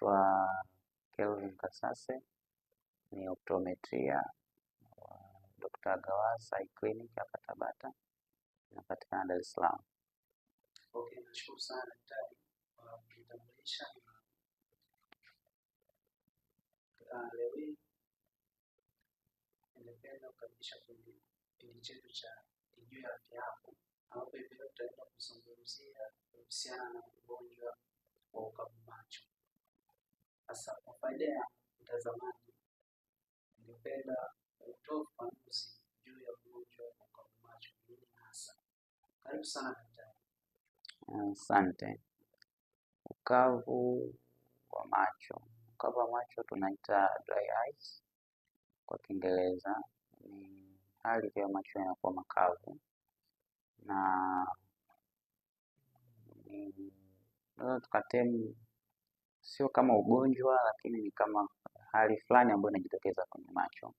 inaitwa Kelvin Kasase, ni optometria wa Dr. Gawaz Eye Clinic hapa Tabata, inapatikana Dar es Salaam. Okay, nashukuru sana daktari kwa kutambulisha. Ah, leo hii ningependa kukaribisha kwenye kipindi chetu cha Ijue Afya Yako, ambapo hivi leo tutaenda kuzungumzia kuhusiana na ugonjwa wa ukavu macho. Hasa kwa faida ya mtazamaji, ningependa kutoa ufafanuzi juu ya ugonjwa wa ukavu macho nini hasa. Karibu sana daktari. Asante. Ukavu wa macho, ukavu wa macho tunaita dry eyes kwa Kiingereza, ni hali ya macho yanakuwa makavu na tunaweza tukatemu sio kama ugonjwa, lakini ni kama hali fulani ambayo inajitokeza kwenye macho,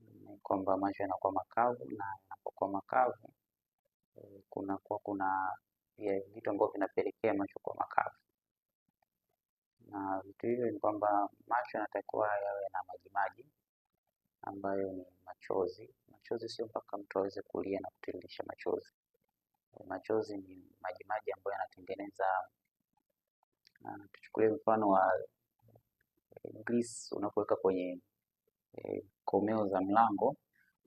ni kwamba macho yanakuwa makavu, na yanapokuwa makavu kunakuwa eh, kuna vitu ambavyo vinapelekea macho kuwa makavu, na vitu hivyo ni kwamba macho yanatakiwa yawe na majimaji ambayo ni machozi. Machozi sio mpaka mtu aweze kulia na kutiririsha machozi. Machozi ni majimaji ambayo yanatengeneza Tuchukulie mfano wa eh, grease unapoweka kwenye e, komeo za mlango,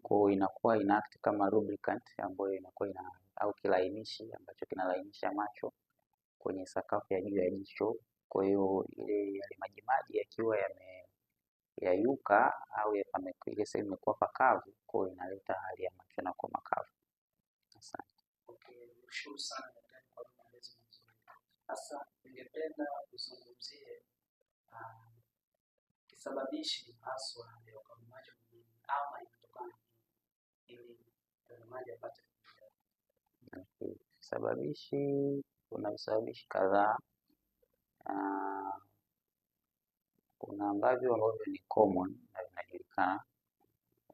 kwa inakuwa ina act kama lubricant ambayo inakuwa ina au kilainishi ambacho kinalainisha macho kwenye sakafu ya juu ya jicho. Kwa hiyo ile yale majimaji yakiwa yame yayuka au ile sehemu imekuwa pakavu, kwa hiyo inaleta hali ya macho na kwa makavu. Asante. Okay, sasa ningependa uzungumzie ah, kisababishi haswa ya ukagumaji wa homoni ama inatokana ili mtazamaji apate Sababishi, kuna visababishi kadhaa. kuna ambavyo ambavyo ni common na vinajulikana.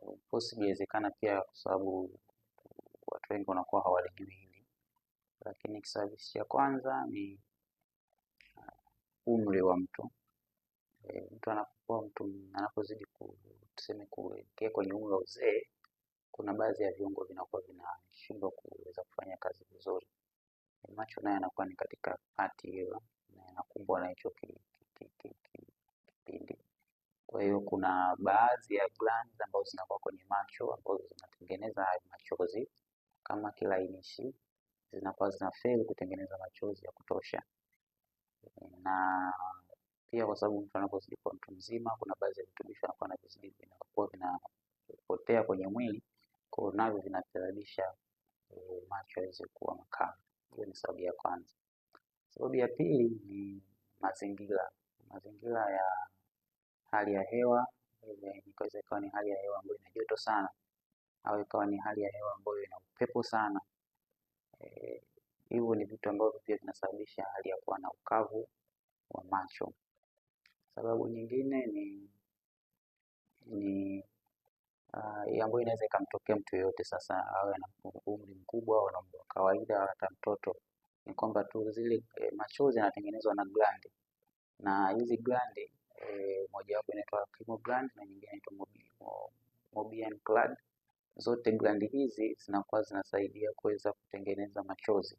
Mposi inawezekana pia, kwa sababu watu wengi wanakuwa hawalijui hili, lakini kisababishi cha kwanza ni umri wa mtu e, mtu anapokuwa mtu anapozidi ku, tuseme kuelekea kwenye umri wa uzee, kuna baadhi ya viungo vinakuwa vinashindwa kuweza kufanya kazi vizuri. E, macho nayo yanakuwa ni katika hati hiyo na yanakumbwa na hicho kipindi. Kwa hiyo kuna baadhi ya glands ambazo zinakuwa kwenye macho ambazo zinatengeneza hayo machozi kama kilainishi, zinakuwa zina fail kutengeneza machozi ya kutosha na pia kwa sababu mtu anapozidi kuwa mtu mzima, kuna baadhi ya virutubisho anakuwa anavizidi vinakuwa vinapotea kwenye mwili, kwa hiyo navyo vinasababisha e, eh, macho yaweze kuwa makali. Hiyo ni sababu ya kwanza. Sababu ya pili ni mazingira, mazingira ya hali ya hewa eh, inaweza ikawa ni hali ya hewa ambayo ina joto sana, au ikawa ni hali ya hewa ambayo ina upepo sana e, Hivyo ni vitu ambavyo pia vinasababisha hali ya kuwa na ukavu wa macho. Sababu nyingine ni ni uh, ambayo inaweza ikamtokea mtu yoyote sasa, awe na umri mkubwa au na umri wa kawaida, hata mtoto, ni kwamba tu zile eh, machozi yanatengenezwa na glandi, na hizi glandi eh, moja wapo inaitwa thymus gland na nyingine inaitwa Moebius gland. Zote glandi hizi zinakuwa zinasaidia kuweza kutengeneza machozi.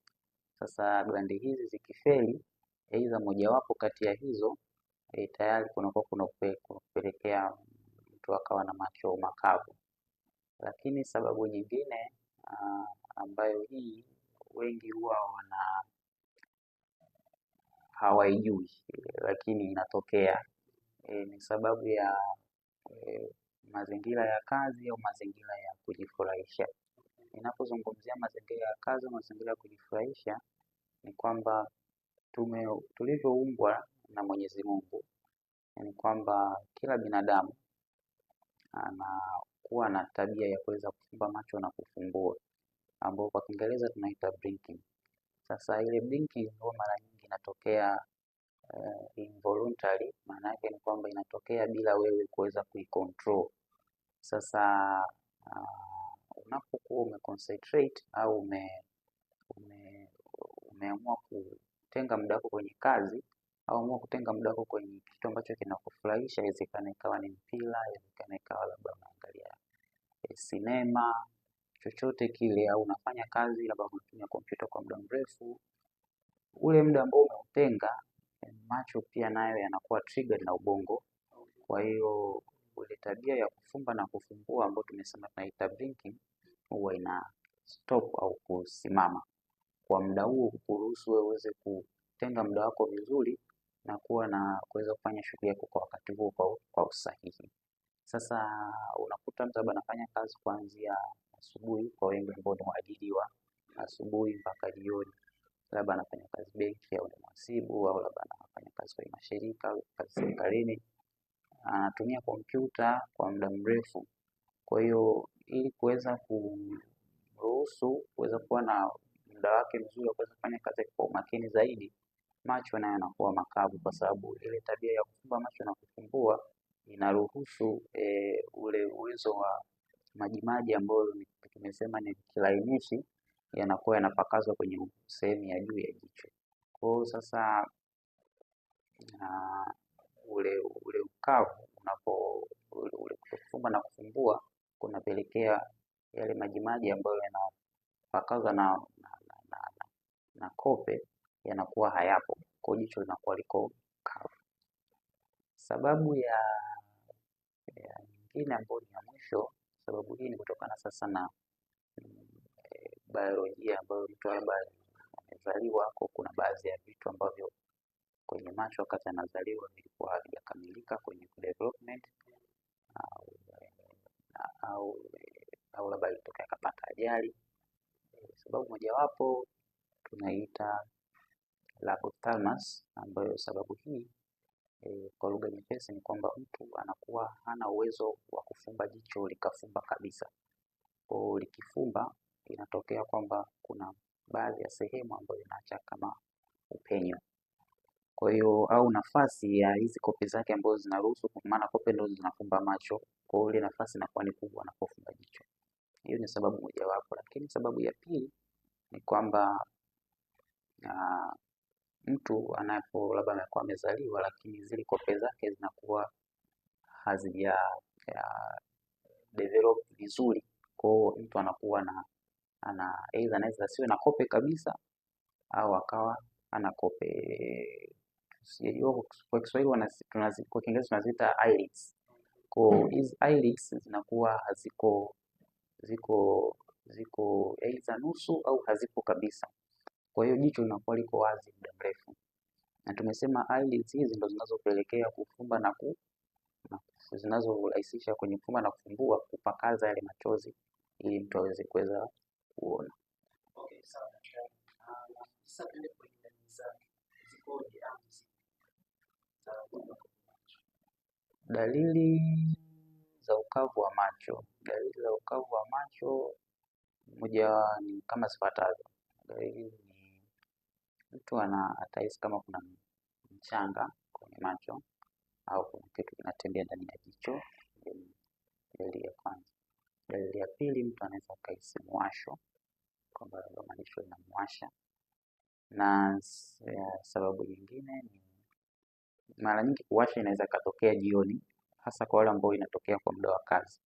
Sasa grandi hizi zikifeli aidha mojawapo kati ya hizo e, tayari kunakuwa kupelekea mtu akawa na macho makavu. Lakini sababu nyingine ah, ambayo hii wengi huwa wana hawaijui lakini inatokea e, ni sababu ya e, mazingira ya kazi au mazingira ya kujifurahisha. Ninapozungumzia mazingira ya kazi, mazingira ya kujifurahisha ni kwamba tulivyoumbwa na mwenyezi mungu ni kwamba kila binadamu anakuwa na tabia ya kuweza kufumba macho na kufumbua ambao kwa kiingereza tunaita blinking. Sasa ile blinking huwa mara nyingi inatokea eh, involuntary maana yake ni kwamba inatokea bila wewe kuweza kuicontrol. Sasa ah, unapokuwa umeconcentrate au ume, ume, umeamua kutenga muda wako kwenye kazi au amua kutenga muda wako kwenye kitu ambacho kinakufurahisha. Inawezekana ikawa ni mpira, inawezekana ikawa labda unaangalia sinema, eh, chochote kile, au unafanya kazi labda unatumia kompyuta kwa muda mrefu. Ule muda ambao umeutenga, macho pia nayo yanakuwa triggered na ubongo, kwa hiyo ile tabia ya kufumba na kufungua ambayo tumesema tunaita blinking huwa ina stop au kusimama kwa muda huo, kuruhusu wewe uweze kutenga muda wako vizuri na kuwa na kuweza kufanya shughuli yako kwa wakati huo kwa, kwa usahihi. Sasa unakuta mtu labda anafanya kazi kuanzia asubuhi, kwa wengi ambao ni waajiri wa asubuhi mpaka jioni, labda anafanya kazi benki au ni mhasibu au labda anafanya kazi kwenye mashirika au kazi serikalini anatumia kompyuta kwa muda mrefu. Kwa hiyo ili kuweza kuruhusu kuweza kuwa na muda wake mzuri wa kuweza kufanya kazi kwa umakini zaidi, macho nayo yanakuwa makavu, kwa sababu ile tabia ya kufumba macho na kufumbua inaruhusu eh, ule uwezo wa majimaji ambayo tumesema ni kilainishi, yanakuwa yanapakazwa kwenye sehemu ya juu ya jicho. Kwa hiyo sasa ule ule ukavu unapo ule, ule na kufumbua kunapelekea yale majimaji ambayo yanapakaza na, na, na, na, na, na kope yanakuwa hayapo, kwa jicho linakuwa liko kavu. Sababu ya nyingine ambayo ni ya mwisho, sababu hii ni kutokana sasa na eh, biolojia ambayo mtu labda amezaliwa, kuna baadhi ya vitu ambavyo kwenye macho wakati anazaliwa ilikuwa havijakamilika kwenye development au au labda alitokea akapata ajali. Sababu mojawapo tunaiita hypothalamus, ambayo sababu hii e, kwa lugha nyepesi ni kwamba mtu anakuwa hana uwezo wa kufumba jicho likafumba kabisa. Kwa likifumba, inatokea kwamba kuna baadhi ya sehemu ambayo inaacha kama upenyo. Kwa hiyo au nafasi ya hizi kope zake ambazo zinaruhusu, kwa maana kope ndio zinafumba macho, kwa hiyo ile nafasi inakuwa ni kubwa anapofumba jicho. Hiyo ni sababu mojawapo, lakini sababu ya pili ni kwamba mtu anapo labda amekuwa amezaliwa, lakini zile kope zake zinakuwa hazija develop vizuri, kwa hiyo mtu anakuwa na ana aidha anaweza asiwe na kope kabisa au akawa ana kope hiyo kwa Kiswahili kwa Kiingereza tunaziita eyelids. Kwa hmm. hizi eyelids zinakuwa haziko ziko ziko aidha nusu au hazipo kabisa, kwa hiyo jicho linakuwa liko wazi muda mrefu, na tumesema eyelids hizi ndo zinazopelekea kufumba na ku zinazorahisisha kwenye kufumba na kufumbua kupakaza yale machozi ili mtu aweze kuweza kuona. Okay, ah, sasa tuende kwenye dalili zake. Zikoje au Dalili za ukavu wa macho. Dalili za ukavu wa macho moja ni kama zifuatazo Dalili ni mtu ana atahisi kama kuna mchanga kwenye macho au kuna kitu kinatembea ndani ya jicho. Dalili ya kwanza. Dalili ya pili, mtu anaweza akahisi muwasho kwamba labda macho yanamwasha, na eh, sababu nyingine ni mara nyingi kuwasha inaweza ikatokea jioni, hasa kwa wale ambao inatokea kwa muda wa kazi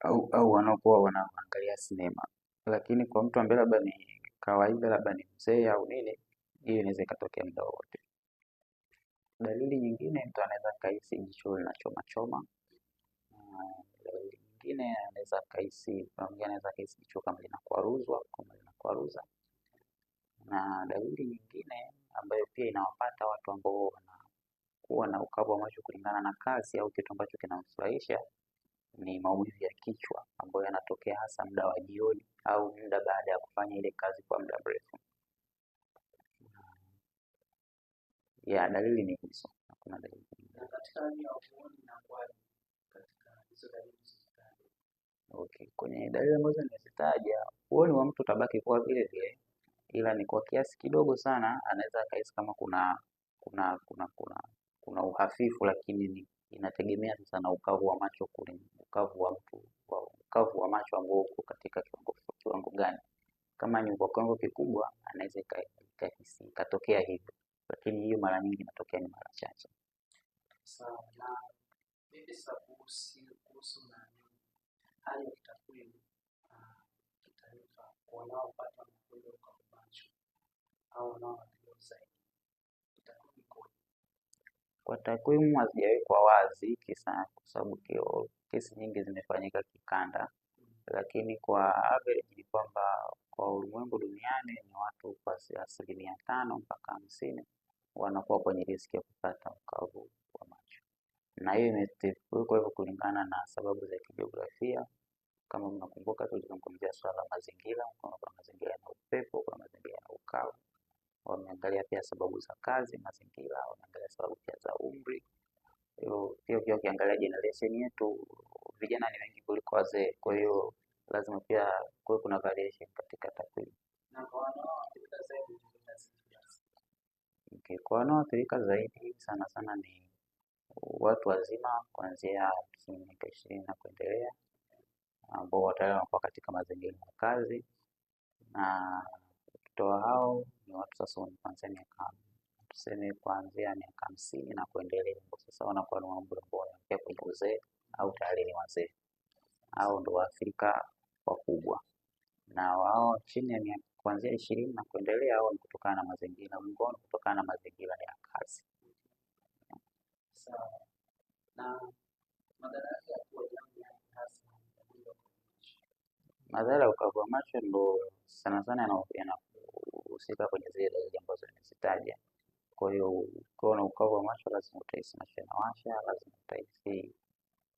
au, au wanaokuwa wanaangalia sinema, lakini kwa mtu ambaye labda ni kawaida, labda ni mzee au nini, hiyo inaweza ikatokea muda wowote. Dalili nyingine mtu anaweza akahisi jicho linachoma choma. Dalili nyingine anaweza akahisi, kuna anaweza akahisi jicho kama linakwaruzwa kama linakwaruza, na dalili nyingine ambayo pia inawapata watu ambao kuwa na ukavu wa macho kulingana na kazi au kitu ambacho kinamfurahisha ni maumivu ya kichwa ambayo yanatokea hasa muda wa jioni au muda baada ya kufanya ile kazi kwa muda mrefu. Ya dalili ni hizo, hakuna dalili okay. Kwenye dalili ambazo nimezitaja, uoni wa mtu utabaki kuwa vile vile, ila ni kwa kiasi kidogo sana anaweza akahisi kama kuna kuna kuna kuna kuna uhafifu, lakini inategemea sasa na ukavu wa macho kule, ukavu wa mtu, ukavu wa macho ambao uko katika kiwango, kiwango gani. Kama ni kwa kiwango kikubwa, anaweza ikahisi ikatokea hivyo, lakini hiyo mara nyingi inatokea ni mara chache. Sawa, na hali ya ah, kitaifa wa kwa macho Au wanaoathiriwa zaidi kwa takwimu hazijawekwa wazi kisa kwa sababu kesi nyingi zimefanyika kikanda, lakini kwa average ni kwamba kwa ulimwengu duniani ni watu kwa asilimia tano mpaka hamsini wanakuwa kwenye riski ya kupata ukavu wa macho, na hiyo imewekwa hivyo kulingana na sababu za kijiografia. Kama mnakumbuka tulizungumzia swala la mazingira, kwa mazingira na upepo, kuna mazingira na ukavu wameangalia pia sababu za kazi, mazingira, wameangalia sababu pia za umri. hiyo pia pia ukiangalia generation yetu vijana ni wengi kuliko wazee, kwa hiyo lazima pia kuwe kuna variation katika takwimu. Okay, kwa wanaoathirika zaidi sana sana ni watu wazima kuanzia tuseme miaka ishirini na kuendelea ambao tayari wanakuwa katika mazingira ya kazi na Watoto hao ni watu sasa kuanzia miaka tuseme kuanzia miaka hamsini na kuendelea. Sasa wanakuwa ni umri ambao wanaingia kwenye uzee au tayari ni wazee. Hao ndo waathirika wakubwa, na wao chini ya kuanzia ishirini na kuendelea, hao ni kutokana na mazingira, ngono kutokana na mazingira ya kazi. Na madhara ya ukavu wa macho ndo sana sana yanakuwa husika kwenye zile dalili ambazo nimezitaja. Kwa hiyo ukiwa na ukavu wa macho lazima utahisi macho yanawasha, lazima utahisi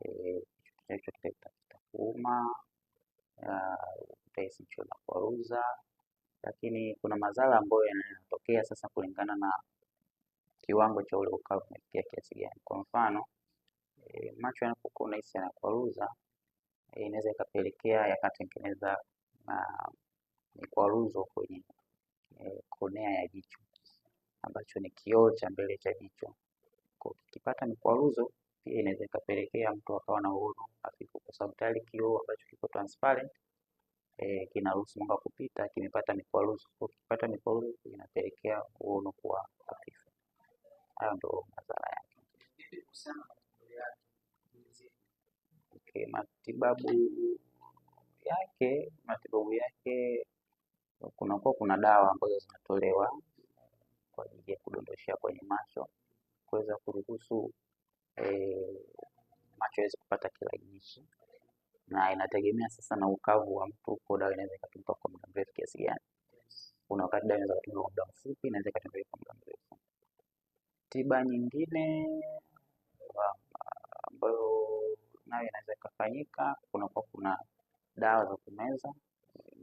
eh, kichwa hicho kitakuuma, utahisi mcho unakwaruza, lakini kuna madhara ambayo yanatokea sasa kulingana na kiwango cha ule ukavu umefikia kiasi gani. Kwa mfano e, macho yanapokuwa unahisi yanakwaruza eh, inaweza ikapelekea yakatengeneza na mikwaruzo kwenye konea ya jicho ambacho ni kioo cha mbele cha jicho. Kwa kikipata mikwaruzo, pia inaweza ikapelekea mtu akawa na uono hafifu, kwa sababu tayari kioo ambacho kiko transparent eh, kinaruhusu mwanga kupita, kimepata mikwaruzo. Kwa ukipata mikwaruzo, inapelekea uono kuwa hafifu. Hayo ndio madhara yake. Okay, matibabu yake matibabu yake kunakuwa kuna dawa ambazo zinatolewa kwa ajili ya kudondoshea kwenye macho kuweza kuruhusu e, macho yaweze kupata kilainishi, na inategemea sasa na ukavu wa mtu, kwa dawa inaweza ikatumika kwa muda mrefu kiasi gani. Kuna wakati dawa inaweza kutumika kwa muda mfupi, inaweza ikatumika kwa muda mrefu. Tiba nyingine ambayo nayo inaweza ikafanyika, kunakuwa kuna dawa za kumeza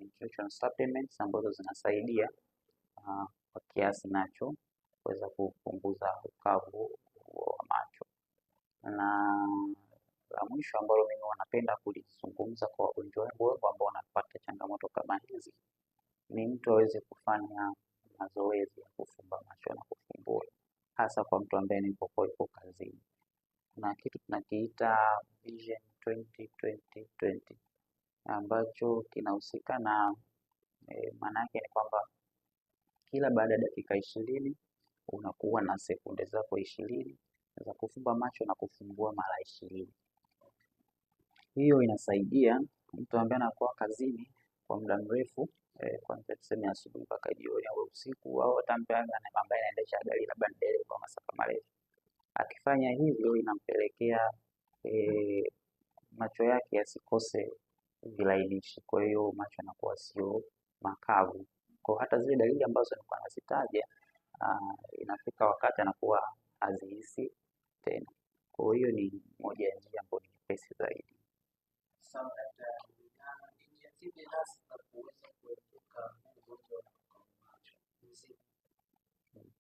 nutrition supplements ambazo zinasaidia uh, kwa kiasi nacho kuweza kupunguza ukavu wa macho. Na la mwisho ambalo mimi wanapenda kulizungumza kwa wagonjwa wangu ambao wanapata changamoto kama hizi ni mtu aweze kufanya mazoezi ya kufumba macho na kufumbua, hasa kwa mtu ambaye ni yuko kazini. Kuna kitu tunakiita Vision 20 20 20 ambacho kinahusika na e, eh, yake ni kwamba kila baada ya dakika ishirini unakuwa na sekunde zako ishirini za kufumba macho na kufungua mara ishirini. Hiyo inasaidia mtu ambaye anakuwa kazini kwa muda mrefu eh, kwanza tuseme asubuhi mpaka jioni au usiku, au hata ambaye anaendesha gari labda ni kwa masafa marefu. Akifanya hivyo inampelekea e, macho yake yasikose vilainishi, kwa hiyo macho yanakuwa sio makavu. Kwa hata zile dalili ambazo nilikuwa nazitaja, uh, inafika wakati anakuwa hazihisi tena. Kwa hiyo ni moja ya njia ambayo ni nyepesi zaidi.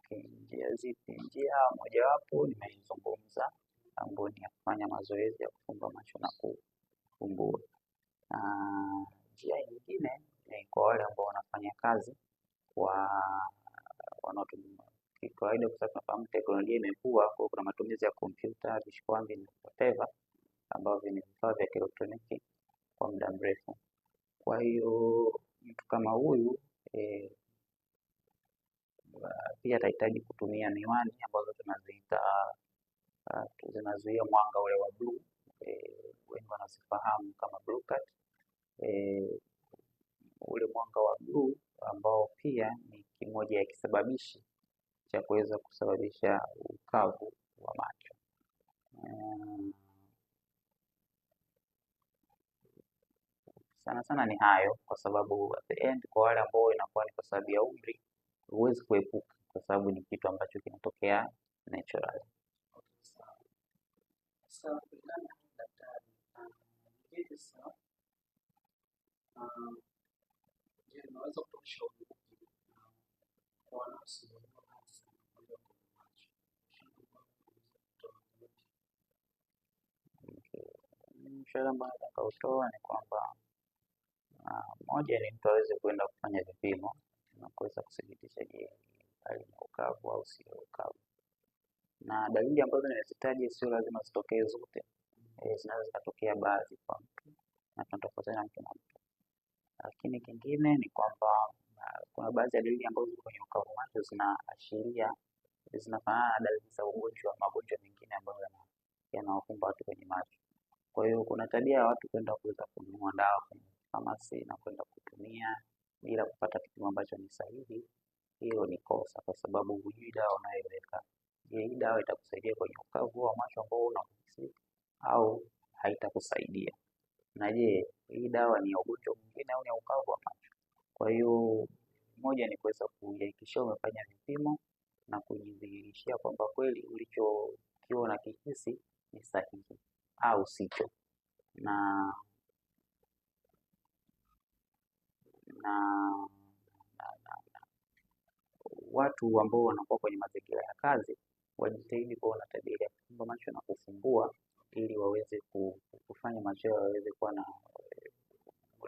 Okay, njia zipi? Njia mojawapo nimezungumza ambayo ni ya kufanya mazoezi ya kufumba macho na kufumbua. Na njia nyingine ni kwa wale ambao wanafanya kazi kwa wanaotumia kawaida, kwa sababu tunafahamu teknolojia imekuwa, kwa kuna matumizi ya kompyuta, vishikwambi na whatever ambavyo ni vifaa vya kielektroniki kwa muda mrefu. Kwa hiyo mtu kama huyu e, pia atahitaji kutumia miwani ambazo tunaziita zinazuia mwanga ule wa bluu, e, wengi wanazifahamu kama blue cut eh, ule mwanga wa bluu ambao pia ni kimoja ya kisababishi cha kuweza kusababisha ukavu wa macho. Um, sana sana ni hayo, kwa sababu at the end, kwa wale ambao inakuwa ni kwa sababu ya umri, huwezi kuepuka, kwa sababu ni kitu ambacho kinatokea natural. So, Je, unaweza kutoa ushauri kwa Ushauri ambao ni kwamba ah, moja ni mtu aweze kuenda kufanya vipimo na kuweza kuthibitisha, je, hali ni ukavu au sio ukavu, na dalili ambazo nimezitaja sio lazima zitokee zote, eh, zinaweza zikatokea baadhi kwa mtu na tunatofautiana mtu na mtu. Lakini kingine ni kwamba kuna baadhi ya dalili ambazo ziko kwenye ukavu macho zinaashiria, zinafanana na dalili za ugonjwa, magonjwa mengine ambayo yanawakumba watu kwenye macho. Kwa hiyo kuna tabia ya watu kwenda kuweza kununua dawa kwenye famasi na kwenda kutumia bila kupata kipimo ambacho ni sahihi, hiyo ni kosa kwa sababu hujui dawa unayoiweka. Je, hii dawa itakusaidia kwenye ukavu wa macho ambao unahisi au haitakusaidia? na je, hii dawa ni ya ugonjwa mwingine au ni ya ukavu wa macho? Kwa hiyo moja ni kuweza kuhakikisha umefanya vipimo na kujidhihirishia kwamba kweli ulichokiona kihisi ni sahihi au sicho, na na watu ambao wanakuwa kwenye mazingira ya kazi wajitahidi kuwa na tabia ya kufumba macho na kufumbua ili waweze kufanya macho yao yaweze kuwa na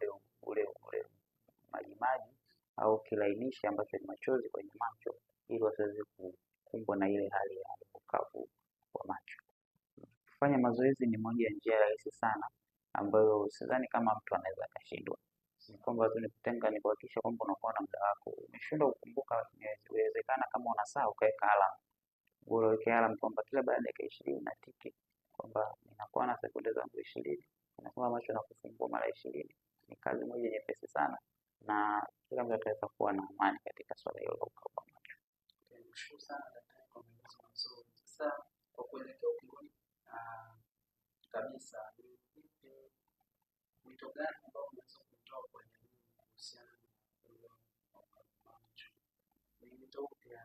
eh, ule majimaji au kilainishi ambacho ni machozi kwenye macho ili wasiweze kukumbwa na ile hali ya ukavu wa macho. Kufanya mazoezi ni moja ya njia rahisi sana ambayo sidhani kama mtu anaweza akashindwa. Ni kwamba tu ni kutenga, ni kuhakikisha kwamba unakuwa na muda wako. Umeshindwa kukumbuka, inawezekana kama una saa ukaweka alamu, bora uweke alamu kwamba kila baada ya dakika ishirini na tiki kwamba ninakuwa na sekunde zangu ishirini, inakuwa macho na kufungua mara ishirini. Ni kazi moja nyepesi sana, na kila mtu ataweza kuwa na amani katika swala hilo la ukaguzi wa macho. Okay,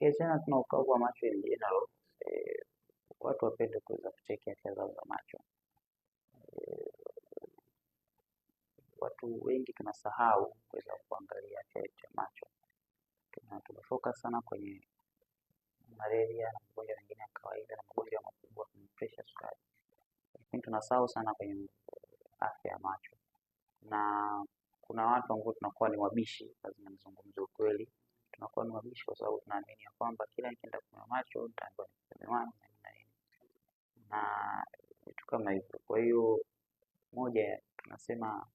Ukiachana tuna ukavu wa macho in general, eh, watu wapende kuweza kucheki afya zao za macho. Eh, watu wengi tunasahau kuweza kuangalia afya yetu ya macho. Tuna sana kwenye malaria na magonjwa mengine ya kawaida na magonjwa makubwa kama pressure, sukari, lakini tunasahau sana kwenye afya ya macho, na kuna watu ambao tunakuwa ni wabishi, lazima nizungumze ukweli tunakuwa ni wabishi kwa sababu tunaamini ya kwamba kila nikienda kunywa macho nitaambiwa nikunywe miwani na nini na nini na vitu kama hivyo. Kwa hiyo moja, tunasema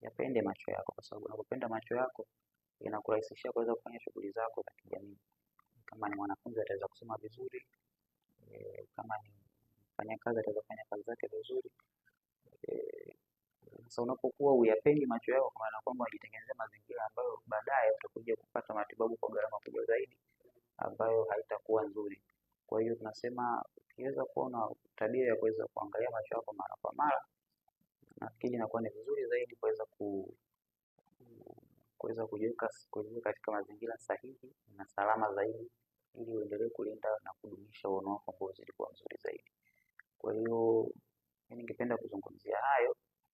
yapende macho yako, kwa sababu unapopenda macho yako inakurahisishia kuweza kufanya shughuli zako za kijamii. Kama ni mwanafunzi ataweza kusoma vizuri e, kama ni mfanyakazi ataweza kufanya kazi zake vizuri e. Sasa unapokuwa uyapendi macho yako, kwa maana kwamba unajitengenezea mazingira ambayo baadaye utakuja kupata matibabu kwa gharama kubwa zaidi ambayo haitakuwa nzuri. Kwa hiyo tunasema ukiweza kuwa na tabia ya kuweza kuangalia macho yako mara kwa mara, nafikiri inakuwa ni vizuri zaidi kuweza ku kuweza kujiweka katika mazingira sahihi na salama zaidi, ili uendelee kulinda na kudumisha uono wako ambao uzidi kuwa mzuri zaidi. Kwa hiyo mimi ningependa kuzungumzia hayo.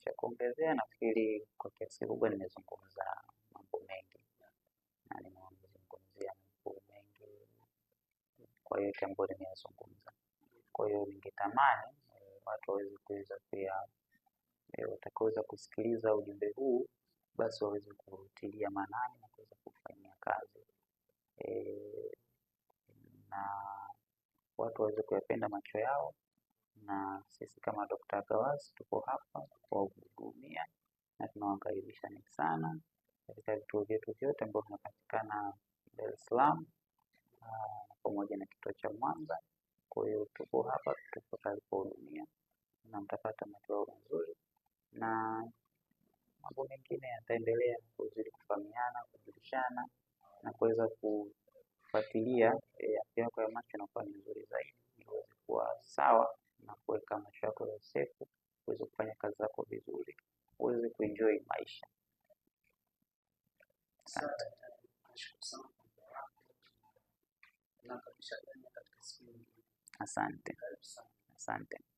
Cha kuongezea nafikiri kwa kiasi kikubwa nimezungumza mambo mengi na nimezungumzia mambo mengi kwa hiyo ambayo nimeyazungumza. Kwa hiyo ningetamani eh, watu waweze kuweza pia eh, watakaoweza kusikiliza ujumbe huu basi waweze kutilia maanani na kuweza kufanyia kazi eh, na watu waweze kuyapenda macho yao na sisi kama Dr. Gawaz tuko hapa kuwahudumia na tunawakaribishani sana katika vituo vyetu vyote ambavyo vinapatikana Dar es Salaam ah, pamoja na kituo cha Mwanza. Kwa hiyo tuko hapa, tuko tayari kuwahudumia na mtapata matibabu mazuri, na mambo mengine yataendelea kuzidi kufahamiana, kujulishana na kuweza kufuatilia afya yako ya macho inakuwa nzuri zaidi, ili uweze kuwa sawa na kuweka maisha yako ya safe, uweze kufanya kazi zako vizuri, uweze kuenjoy maisha. Asante. Asante. Asante.